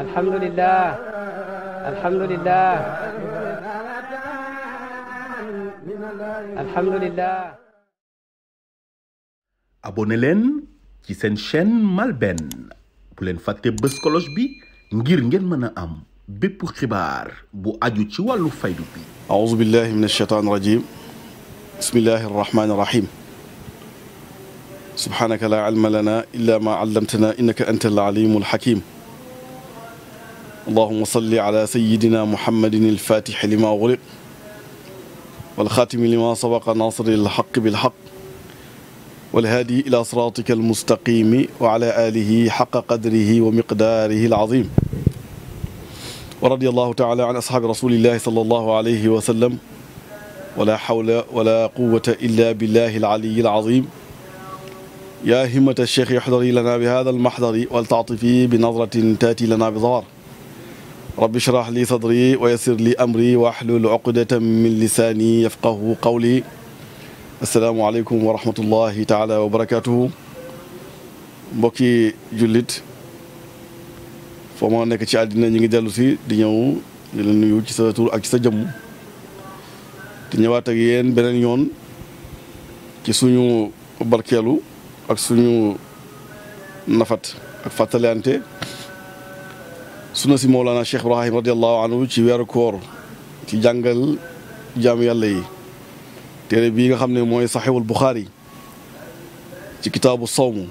alhamdulillah alhamdulillah alhamdulillah abonné leen ci seen chaîne MALBN bu leen fàtte bës cloche bi ngir ngeen mën a am bépp xibaar bu aju ci wàllu faydu bi aouzu billahi min alsheytan irajim bismillahi arrahmani irrahim subhaanaka laa ilma lanaa illaa maa allamtanaa innaka anta al-aliimu al-hakiim allahumma salli alaa sayyidinaa muhammadin al-faatixi limaa ughliqa wal-xaatimi limaa sabaqa naasiri al-haqqi bil-haqqi wal-haadii ilaa siraatika al-mustaqiimi wa alaa aalihi haqqa qadrihi wa miqdaarihi al-aziim wa radiya allahu taala an ashaabi rasuulillaahi sallallaahu alayhi wa sallam wa laa hawla wa laa quwwata illaa billaahi al-aliyyi al-aziim yaa himmata cheikh yaxdari lana bi hada almaxdari waltaatifi bi nadratin taati lana bi zawar rabbi shrah li sadri wa yassir li amri wa ahlul uqdatan min lisaani yafqahu qawli asalaamu aleykum wa rahmatullahi taala wa barakatuhu mbokki jullit foo ma nekk ci àddina ñu ngi dellu si di ñëw di la nuyu ci sa tur ak ci sa jëmm di ñëwaat ak yéen beneen yoon ci suñu barkeelu ak suñu nafat ak fàttalante sunna si Mawlana Cheikh Ibrahim radiallahu anhu ci weeru koor ci jàngal jaamu yàlla yi téere bii nga xam ne mooy saxiwul Buxaari ci kitaabu sawmu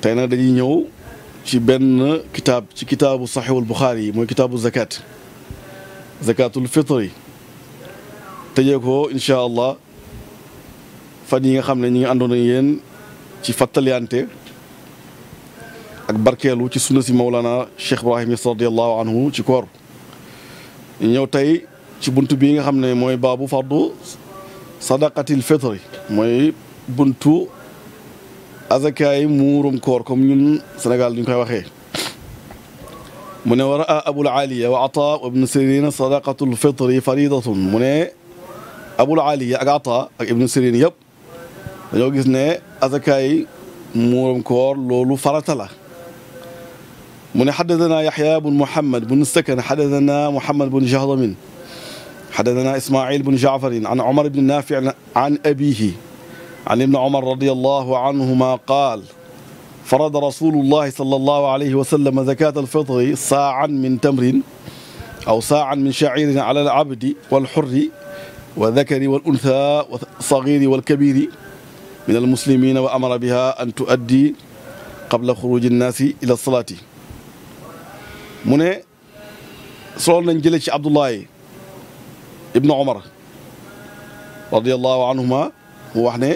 tey nag dañuy ñëw ci benn kitaab ci kitaabu saxiwul Buxaari yi mooy kitaabu zakat zakatul fitri tëjee ko incha allah fan yi nga xam ne ñu ngi àndoon ak yéen ci fàttaliyante ak barkeelu ci sunna si Mawlana Cheikh Ibrahim Niass radiyallahu anhu ci koor ñëw tey ci bunt bii nga xam ne mooy baabu fardu sadaqatil fitri mooy buntu azakaay muurum koor comme ñun Sénégal koy waxee mu ne war a abul aliya wa ata ibnu sirin sadaqatul fitri faridatun mu ne abul aliya ak ata ak ibnu sirin yëpp dañoo gis ne azakaay muuram koor loolu farata la mu ne xaddatanaa yaxya bun muhammad bun sakan xaddatanaa muhammad bun jahdamin xaddatanaa ismail bun jaafarin an omar ibni naafi an abihi an ibni omar radiallahu anhuma qaal فرض رسول الله صلى الله عليه وسلم زكاة الفطر صاعا من تمر أو صاعا من شعير على العبد والحر والذكر والأنثى والصغير والكبير min almuslimiina wa amara biha an tuaddi qabla xuruji nnaasi ila salaati mu ne solool nañ jële ci Abdullahi ibnu Omar radiyallahu anhuma mu wax ne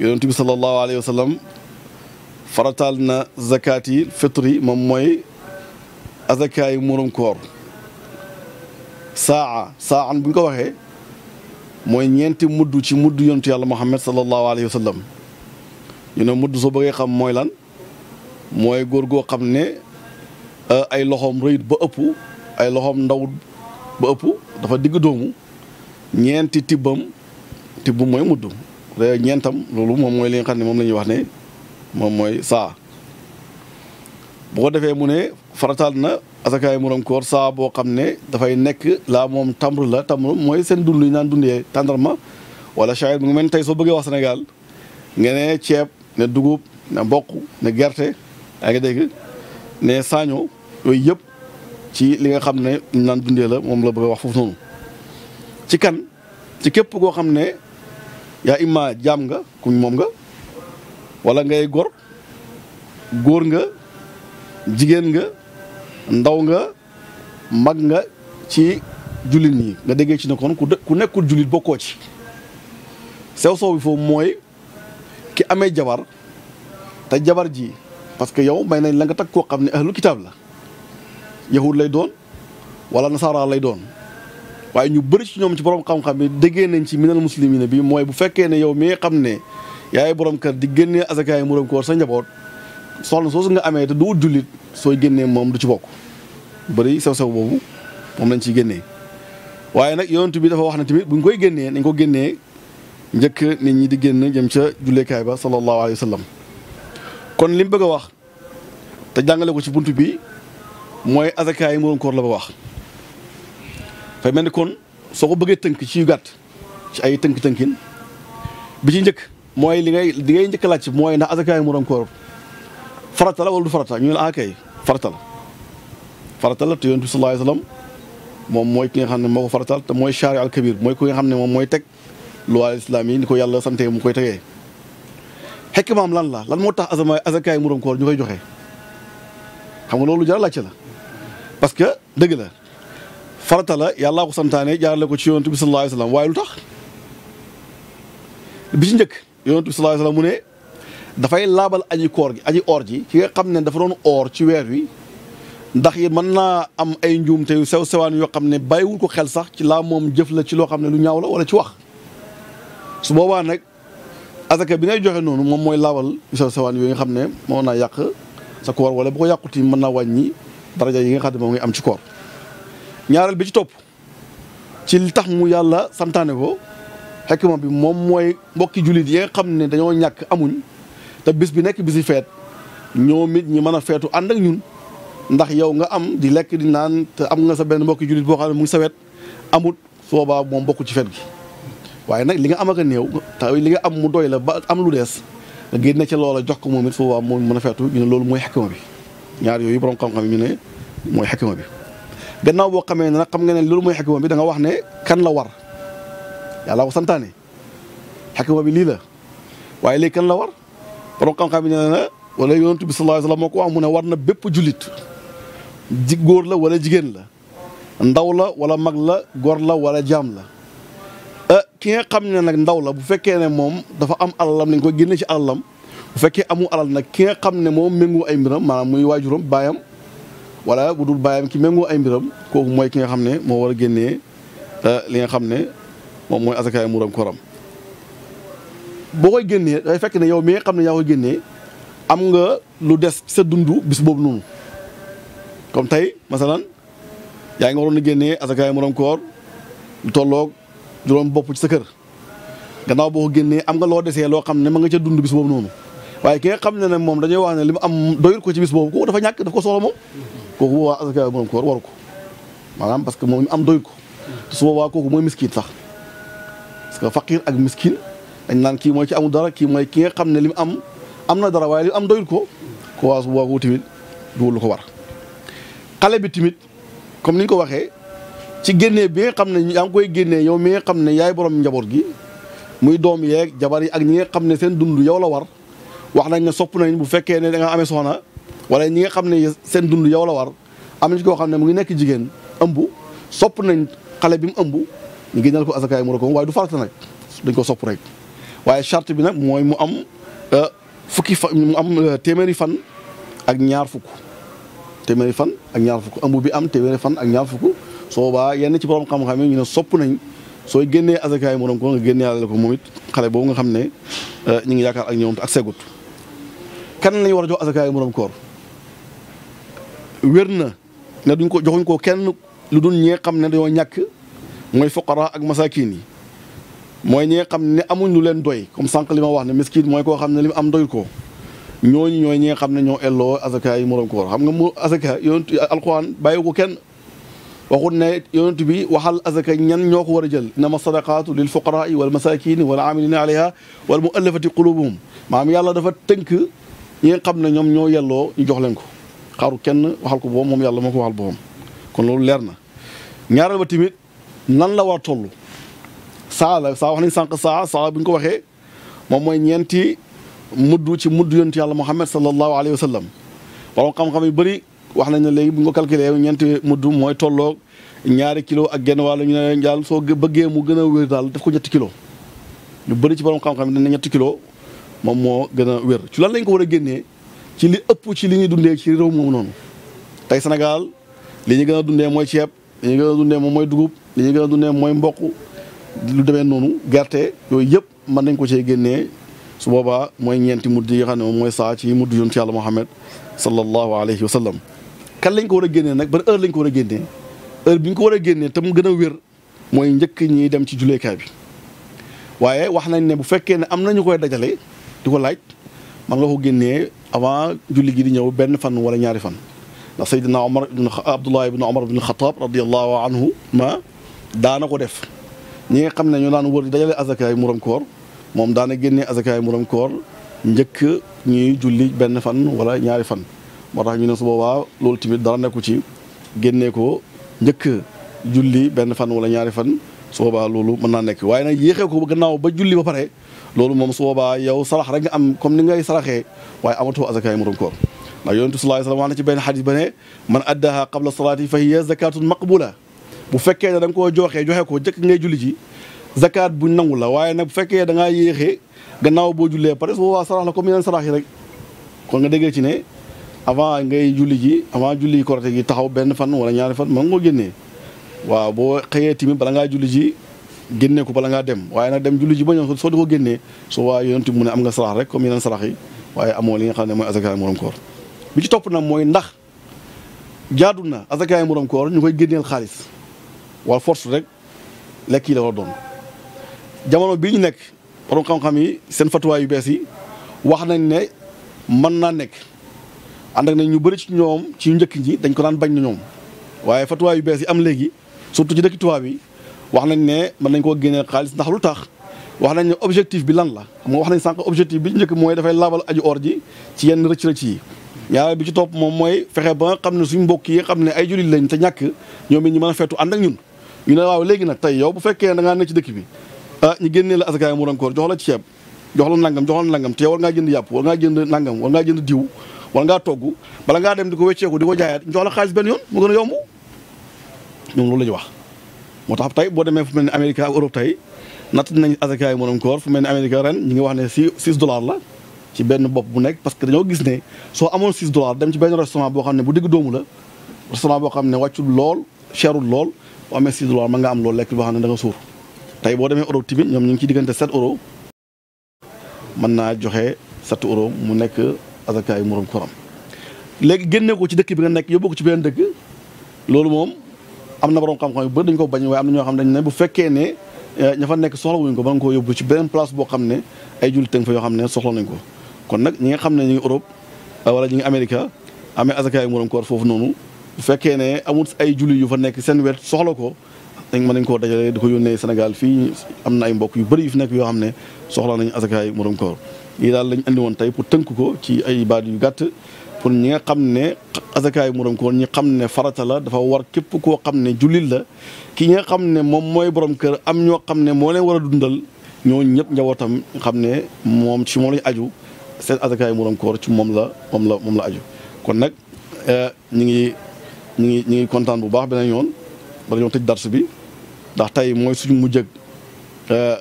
yonent bi sallallahu alayhi wa sallam farataal na zakaati fitri moom mooy azakaay muurum koor saa saa an bu ñu ko waxee mooy ñeenti mudd ci mudd yontu yàlla Muhammad sallallahu alayhi wa sallam ñu ne mudd soo bëggee xam mooy lan mooy góor goo xam ne euh, ay loxoom rëyut ba ëpp ay loxoom ndaw ba ëpp dafa digg doomu ñeenti tibbam tibb mooy mudd te ñeentam loolu moom mooy li xam ne moom la ñuy wax ne moom mooy saa bu defee mu ne farataal na asakaay moroom koor saa boo xam ne dafay nekk laa moom tamru la tamru mooy seen dund yi naan dundee tàndarma wala chahir mu ngi mel ni tey soo bëggee wax Sénégal nga ceeb ne dugub ne mboq ne gerte yaa ngi dégg ne saaño yooyu yëpp ci li nga xam ne naan dundee la moom la bëgg wax foofu noonu ci kan ci képp koo xam ne yaa imma jaam nga kuñ moom nga wala ngay gor góor nga jigéen nga ndaw nga mag nga ci jullit ñi nga déggee ci ne kon ku nekkul jullit bokkoo ci sew soow bi foofu mooy ki amee jabar te jabar ji parce que yow may nañ la nga takk koo xam ne ahlul kitaab la yahud lay doon wala nasaara lay doon waaye ñu bëri ci ñoom ci borom xam-xam bi déggee nañ ci minal muslimina bi mooy bu fekkee ne yow mi xam ne yaay borom kër di génnee azakaay muram koor sa njaboot soxna soosu nga amee te doo jullit sooy génnee moom du ci bokk bëri sew-sew boobu moom lañ ciy génnee waaye nag yonent bi dafa wax ne tamit buñ koy génnee nañ ko génnee njëkk nit ñi di génn jëm ca julleekaay ba sallallahu alayhi wa sallam kon lim mu bëgg a wax te jàngale ko ci bunt bi mooy azaka yi moroom la ba wax fay mel ni kon soo ko bëggee tënk ci yu gàtt ci ay tënk-tënkin bi ci njëkk mooy li ngay li ngay njëkk laaj mooy ndax azaka yi moroom koor farata la du farata ñu ne ah, kay farata la farata la te yonent mooy ki nga xam ne moo ko faratal te mooy chaari al kabir mooy ki nga xam ne moom mooy teg loi islam yàlla sante mu koy tegee lan la lan moo tax asama azakaay muram ñu koy joxe xam nga loolu jar laajte que dëgg la farata la yàllaa ko santaane ko ci yonent bi sallallahu alayhi wasallam waaye tax bi ci njëkk yonent bi sallallahu alayhi wasallam mu ne dafay laabal aji koor gi aji oor ji ci nga xam ne dafa doon oor ci weer wi ndax yi mën naa am ay njuumte yu sew sewaan yoo xam ne bàyyiwul ko xel sax ci laa moom jëf la ci loo xam ne lu ñaaw la wala ci wax su boobaa nag asaka bi ngay joxe noonu moom mooy laabal yu sew sewaan nga xam ne moo naa yàq sa koor wala bu ko yàquti mën naa wàññi daraja yi nga xam ne moom ngay am ci koor ñaareel bi ci topp ci li tax mu yàlla santaane ko xekk ma bi moom mooy mbokki jullit yi nga xam ne dañoo ñàkk amuñ te bis bi nekk bisi feet ñoom it ñi mën a feetu ànd ak ñun ndax yow nga am di lekk di naan te am nga sa benn mbokki jullit boo xam ne mu ngi sa wet amut soobaa moom bokku ci feet gi waaye nag li nga am ak a néew te li nga am mu doy la ba am lu dees nga génne ca loola jox ko moom it soobaa moom mën a feetu ñu ne loolu mooy xekkma bi ñaar yooyu borom xam-xam ñu ne mooy xekkma bi gannaaw boo xamee ne nag xam nga ne loolu mooy xekkma bi da nga wax ne kan la war yàlla ko santaane bi lii la waaye léegi la war borom xam-xam yi nee na wala yonent bi sallallahu alayhi moo ko wax mu ne war na bépp jullit ji góor la wala jigéen la ndaw la wala mag la góor la wala jaam la eh, ki nga xam ne nag ndaw la bu fekkee ne moom dafa am alalam nañ ko génne ci alalam bu fekkee amu alal nag ki nga xam ne moom méngoo ay mbiram maanaam muy waajuram baayam wala bu baayam ki méngoo ay mbiram kooku mooy ki nga xam ne moo war a génnee eh, li nga xam ne moom mooy asakaay muuram koram boo koy génnee day fekk ne yow mi nga xam ne yaa koy génnee am nga lu des sa dundu bis boobu noonu comme tey masalan yaa ngi waroon a génnee asakaay moroom koor lu tollook juróom bopp ci sa kër gannaaw boo ko génnee am nga loo desee loo xam ne ma nga ca dund bis boobu noonu waaye ki xam ne ne moom dañuy wax ne li mu am doyul ko ci bis boobu kooku dafa ñàkk daf ko soxla moom kooku boobaa asakaay moroom koor waru ko maanaam parce que moom mi am doyul ko te su boobaa mooy miskiin sax parce que faqir ak miskiin dañ naan kii mooy ci amul dara kii mooy ki nga xam ne li am am na dara waaye li am doyul ko ko su boobu tamit du lu ko war xale bi tamit comme ni ko waxee ci génnee bi nga xam ne yaa ngi koy génnee yow mi nga xam ne yaay borom njaboot gi muy doom yeeg jabar yi ak ñi nga xam ne seen dund yow la war wax nañ ne sopp nañ bu fekkee ne danga nga amee soxna wala ñi nga xam ne seen dund yow la war am na ci koo xam ne mu ngi nekk jigéen ëmb sopp nañ xale bi mu ëmb ñu génnal ko asakaay mu rek waaye du farata nag dañ ko sopp rek waaye charte bi nag mooy mu am euh, fukki fan mu am euh, téeméeri fan ak ñaar fukk téeméeri fan ak ñaar fukk ëmb bi am téeméeri fan ak ñaar fukk soo baa yenn ci borom xam-xam yi ñu ne sopp nañ sooy génnee azakaay morom ko nga génnee yàlla ko moom it xale boobu nga xam ne euh, ñu ngi yaakaar ak ñoom ak segut kenn lañ war a jox azakaay morom koor wér na ne duñ ko joxuñ ko kenn lu dul ñee xam ne dañoo ñàkk mooy foqara ak masakin yi mooy ñi nga xam ne amuñu leen doy comme sànq li ma wax ne miskin mooy koo xam ne li am doy ko ñooñu ñooy ñi nga xam ne ñoo elloo asaka yi moroom koor xam nga mu asaka yonent alquran bàyyi ko kenn waxut ne yonent bi waxal asaka ñan ñoo ko war a jël innama sadaqaatu lil fuqaraai wal masakini wal amilina alayha wal muallafati qulubuhum maanaam yàlla dafa tënk ñi xam ne ñoom ñoo yelloo ñu jox leen ko xaaru kenn waxal ko boo moom yàlla moo ko waxal boobam kon loolu leer na ñaaral ba tamit nan la war toll saa la saa wax nañ sànq saa saa bu ñu ko waxee moom mooy ñeenti mudd ci mudd yontu yàlla Muhammad sallallahu alayhi wa sallam borom xam-xam yu bëri wax nañ ne léegi bu ñu ko calculé ñeenti mudd mooy tolloo ñaari kilo ak genn wàll ñu ne daal soo bëggee mu gën a wér daal def ko ñetti kilo ñu bëri ci borom xam-xam ñetti kilo moom moo gën a wér ci lan lañ ko war a génnee ci li ëpp ci li ñuy dundee ci réew moomu noonu tey Sénégal li ñu gën a dundee mooy ceeb li ñu gën a dundee moom mooy dugub li ñu gën a dundee mooy mboq lu demee noonu gerte yooyu yëpp mën nañ ko cee génnee su boobaa mooy ñeenti mudd yi xam ne moom mooy saa ci mudd yonent yàlla Muhammad sallallahu alayhi wa sallam kan lañ ko war a génnee nag ban heure lañ ko a génnee heure bi ko war a génnee te mu gën a wér mooy njëkk ñiy dem ci juleekaay bi waaye wax nañ ne bu fekkee ne am nañu koy dajale di ko laaj man nga ko génnee avant julli gi di ñëw benn fan wala ñaari fan ndax Seydina Omar Abdullah ibn Omar ibn Xataab radiyallahu anhu ma daana ko def ñi nga xam ne ñu daan wër di dajale azakaay muram koor moom daana génnee azakaay muram koor njëkk ñuy julli benn fan wala ñaari fan moo tax ñu ne su boobaa loolu tamit dara nekku ci génnee ko njëkk julli benn fan wala ñaari fan su loolu mën naa nekk waaye nag yéexee ko gannaaw ba julli ba pare loolu moom su boobaa yow sarax rek nga am comme ni ngay saraxee waaye amatoo azakaay muram koor ndax yonentu sallallahu alayhi wa sallam wax na ci benn xadis ba ne man addaha qabla salaati fa hiya zakatun maqbula bu fekkee ne da koo joxee joxe ko jëkk ngay julli ji zakaat buñ nangu la waaye nag fekkee da ngaa yéexee gannaaw boo jullee pare su boobaa sarax la comme yeneen sarax yi rek kon nga déggee ci ne avant ngay julli ji avant julli korite gi taxaw benn fan wala ñaari fan mën nga génnee waaw boo xëyee tamit bala ngaa julli ji génnee ko bala ngaa dem waaye nag dem julli ji ba ñëw soo di ko génnee soo waa yonent mu ne am nga sarax rek comme yeneen sarax yi waaye amoo li nga xam ne mooy azakaay morom koor bi ci topp na mooy ndax jaadu na azakaay morom koor ñu koy génneel xaalis wala force rek lekk yi la war doon. jamono bi ñu nekk borom xam-xam yi seen fatuwaay yu bees yi wax nañ ne mën naa nekk ànd ak ne ñu bëri ci ñoom ci njëkk ji dañ ko daan bañ na ñoom waaye fatuwaay yu bees yi am léegi surtout ci dëkk tubaab yi wax nañ ne mën nañ koo génneel xaalis ndax lu tax wax nañ ne objectif bi lan la moo wax nañ sànq objectif bi njëkk mooy dafay laabal aju or ji ci yenn rëcc-rëcc yi ñaareel bi ci topp moom mooy fexe ba nga xam ne suñ mbokk yi nga xam ne ay jullit lañ te ñàkk ñoom it ñu mën a feetu ànd ak ñun ñu ne waaw léegi nag tey yow bu fekkee da ngaa ne ci dëkk bi ah ñu génnee la asakaay muuram koor jox la ceeb jox la nangam jox la nangam te war ngaa jënd yàpp war ngaa jënd nangam war ngaa jënd diw war ngaa togg bala ngaa dem di ko wecceeku di ko jaayaat jox la xaalis benn yoon mu gën a yomb ñoom loolu la ñu wax moo tax tey boo demee fu mel ni Amérique ak Europe tey natt nañ asakaay muuram koor fu mel ni Amérique ren ñu ngi wax ne six six dollars la ci benn bopp bu nekk que dañoo gis ne soo amoon six dollars dem ci benn boo xam ne bu digg doomu la restaurant boo xam ne wàccul lool cherul lool boo amee 6 dollars nga am loolu lekk boo xam ne da nga suur tey boo demee Europe tamit ñoom ñu ngi ci diggante 7 euros naa joxe 7 euros mu nekk azakaayu murum koram léegi génnee ko ci dëkk bi nga nekk yóbbu ko ci beneen dëkk loolu moom am na borom xam-xam yu dañ ko bañ waaye am na ñoo xam dañ ne bu fekkee ne eh, ña nekk soxla wuñ ko mën koo yóbbu ci beneen place boo xam ne ay jullit tëng xam ne soxla nañ ko kon nag ñi nga xam ne ñu ngi Europe eh, wala ñu ngi Amérique amee azakaayu murum koor foofu noonu bu fekkee ne amul ay jullit yu fa nekk seen wet soxla ko dañ mën nañ koo dajale di ko yónnee Sénégal fii am na ay mbokk yu bari yu fi nekk yoo xam ne soxla nañu asakaay morom koor lii daal lañ andi pour tënk ko ci ay baat yu gàtt pour ñi nga xam ne asakaay morom koor ñi xam ne farata la dafa war képp koo xam ne jullit la ki nga xam ne moom mooy borom kër am ñoo xam ne moo leen war a dundal ñooñu ñëpp njabootam xam ne moom ci moom lañu aju seen asakaay morom koor ci moom la moom la moom la aju kon nag eh, ñu ngi ñu ngi ñu ngi kontaan bu baax beneen yoon bala ñoo tëj darsu bi ndax tey mooy suñu mujj ak euh,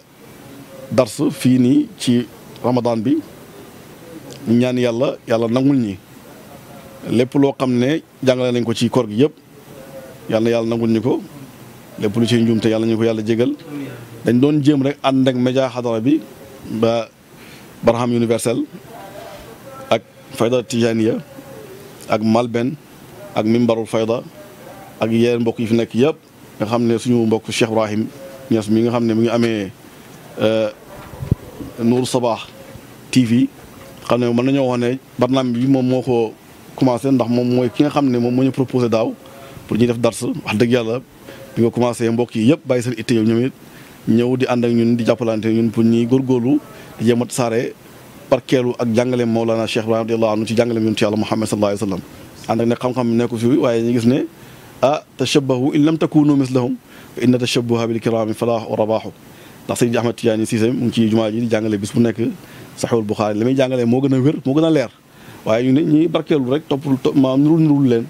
darsu fii nii ci ramadan bi ñaan yàlla yàlla nangul ñi lépp loo xam ne jàngale nañ ko ci kor gi yëpp yàlla yàlla nangul ñi ko lépp lu ciy njuumte yàlla ñu ko yàlla jégal dañ doon jéem rek ànd ak média xadara bi ba Barham universel ak Fayda Tijaniya ak Malben ak mimbarul fayda ak yeneen mbokk yi fi nekk yëpp nga xam ne suñu mbokk Cheikh Ibrahim Niass mi nga xam ne mi ngi amee euh, Nour Sabah TV xam ne mën nañoo wax ne barnaam bi moom moo ko commencé ndax moom mooy ki nga xam ne moom moo ñu proposé daaw pour ñu def dars wax dëgg yàlla bi nga commencé mbokk yi yëpp bàyyi seen itte yow ñoom it ñëw di ànd ak ñun di jàppalante ñun pour ñuy góorgóorlu di jéem a saare parkeelu ak jàngaleem Mawlana Cheikh Ibrahim radiyallahu anhu ci jàngaleem yonent yàlla ànd ak ne xam-xam nekku fi waaye ñu gis ne ah tashabahu in lam takunu mislahum fa inna tashabuha bil kirami falah wa rabahu ndax sëñ Ahmad Tidiane Cissé mu ngi ci jumaa ji di jàngale bis bu nekk saxul Buxaari moo gën a wér moo gën a leer waaye ñu ne ñuy rek topp maam nurul nurul leen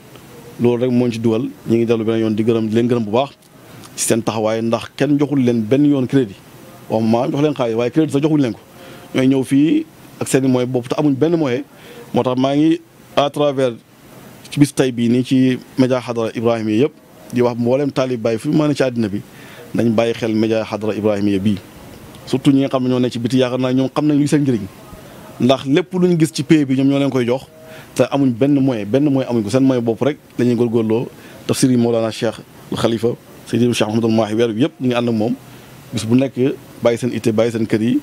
loolu rek moo ci dugal ñu ngi dellu beneen yoon di gërëm di leen gërëm bu baax ci seen taxawaay ndax kenn joxul leen benn yoon crédit waaw maam jox leen xaalis waaye crédit sax joxuñ leen ko ñooy ñëw fii ak seen i moyen amuñ benn moyen moo tax maa ngi à travers ci bis tay bii nii ci média xadara ibrahima yi yëpp di wax mboolem taalib bàyyi fu mën a ci àddina bi nañ bàyyi xel média xadara ibrahima yi bii surtout ñi nga xam ne ñoo ne ci biti yaakaar naa ñoom xam nañ luy seen njëriñ ndax lépp lu ñu gis ci pay bi ñoom ñoo leen koy jox te amuñ benn moyen benn moyen amuñ ko seen moyen bopp rek la ñuy góorgóorloo tafsir yi Mawlana Cheikh al Khalifa Seydou Cheikh Mahamadou Mahi weer bi yëpp ñu ngi ànd ak moom bis bu nekk bàyyi seen itte bàyyi seen kër yi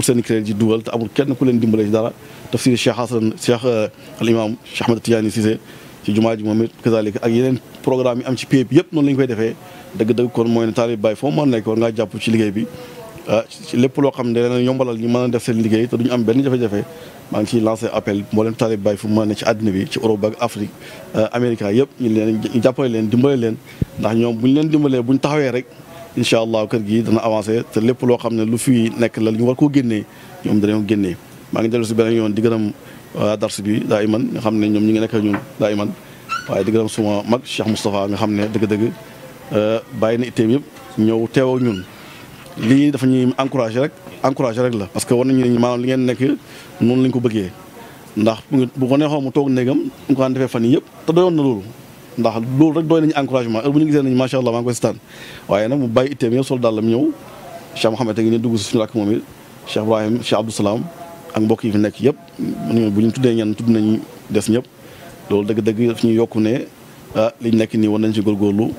seen crédit ji dugal amul kenn ku leen dimbale ci dara tafsir Cheikh Hasan Cheikh euh, al Imam Cheikh Ahmed Tidiane Cissé ci jumaa ji moom it kazalika ak yeneen programme yi am ci PIE bi yëpp noonu la koy defee dëgg-dëgg kon mooy ne taalib Baay foo nekk war ngaa jàpp ci liggéey bi ah ci lépp loo xam ne dana yombalal ñu mën a def seen liggéey te duñu am benn jafe-jafe maa ngi ciy lancé appel mboolem taalib Baay ne ci àddina bi ci Europe ak Afrique ah Amérique yëpp ñu leen jàppale leen dimbale leen ndax ñoom buñ leen dimbalee buñ taxawee rek incha allah kër gi dana avancé te lépp loo xam ne lu fi nekk la ñu war koo génnee ñoom danañoo génnee maa ngi dellu si beneen yoon di gërëm waa dars bi daa iman nga xam ne ñoom ñi ngi nekk ñun daa iman waaye di gërëm suma mag Cheikh Moustapha nga xam ne dëgg-dëgg euh, bàyyi na itteem yëpp ñëw teewa ak ñun lii dafa ñuy encouragé rek encouragé rek la parce que war nañu maanaam li ngeen nekk noonu lañ ko bëggee ndax bu ko neexoon mu toog néegam mu ko daan fan yëpp te doyoon ndax loolu rek doy nañu encouragement heure bu ñu gisee nañu macha allah maa ngi koy sitaan waaye nag mu bàyyi itteem yëpp sol daal la mu ñëw Cheikh Mouhamed a ngi ne dugg si suñu rakk moom it Cheikh Ibrahim Cheikh Abdou ak mbokk yi fi nekk yëpp bu ñu tuddee ñenn tudd nañu des ñëpp loolu dëgg-dëgg daf ñuy yokk ne ah liñ nekk nii war nañ ci góorgóorlu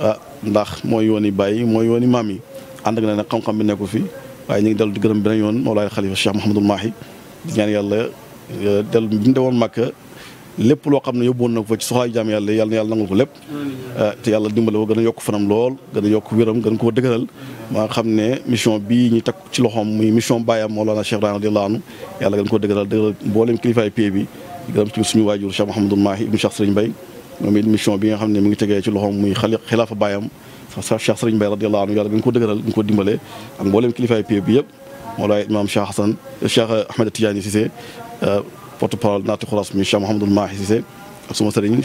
ah ndax mooy yoon yi bàyyi mooy yoon yi maam yi ànd ak na nag xam-xam bi nekku fi waaye ñu ngi dellu di gërëm beneen yoon Mawlaay Xalifa Cheikh Mouhamadul Mahi di ñaan yàlla eh, dellu bi ñu dewoon lépp loo xam ne yóbbuwoon na ko fa ci soxlaayu jaam yàlla yàlla na yàlla nangul ko lépp eh, te yàlla dimbale ko gën a yokk fanam lool gën a yokk wéram gën koo dëgëral maa nga xam ne mission bii ñu teg ci loxoom muy mission bàyyam Mawlana Cheikh Ibrahima radiyallahu anhu yàlla gën koo dëgëral dëgëral mboolem kilifaay pie bi gërëm ci suñu waajur Cheikh Mouhamadul Mahi ibnu Cheikh Sëriñ Bay moom mission bi nga xam ne mu ngi tegee ci loxoom muy xali xilaafa bàyyam sax Cheikh Sëriñ Bay radiyallahu anhu yàlla ko koo dëgëral gën ko dimbale ak mboolem kilifaay pie yëpp Mawlaay Imaam Cheikh Hasan Cheikh porte-parole naati xulaas mi Cheikh Mouhamadul Mahi Cissé ak suma Amin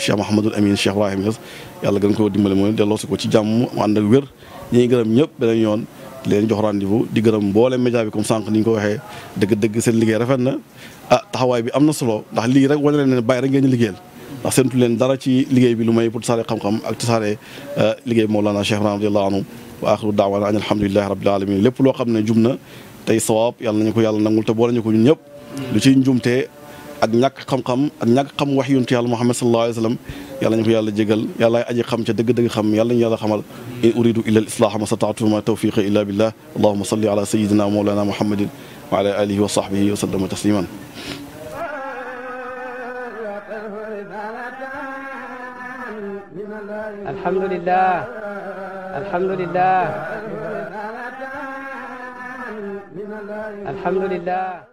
Cheikh Ibrahim Niass yàlla gën koo mooy delloosi ko ci jàmm mu ànd ak wér ñi ngi gërëm ñëpp leen jox rendez-vous di gërëm mboolem média bi comme sànq ni ko waxee dëgg-dëgg seen liggéey rafet na ah taxawaay bi am na solo ndax lii rek wane leen ne bàyyi rek ngeen ñu liggéeyal ndax seentu leen dara ci liggéey bi lu may pour tasaare xam-xam ak tasaare euh, liggéey bi Mawlana Cheikh Ibrahim radiyallahu anhu wa axiru daawaana an alhamdulillahi rabbil loo xam ne jum na tey sawaab yàlla ko yàlla nangul te boole ñu ak ñàkk xam-xam ak ñàkk xam wax yontu yàlla muhammad sallallahu alayhi wa sallam yàlla ñu ko yàlla jégal yàlla ay aji xam ca dëgg-dëgg xam yàlla ñu yàlla xamal in uridu illa al islaha ma sataatu ma tawfiqa illa billah allahuma salli ala sayidina mawlana muhammadin wa ala alihi wa sahbihi wa sallama tasliman alhamdulillah alhamdulillah alhamdulillah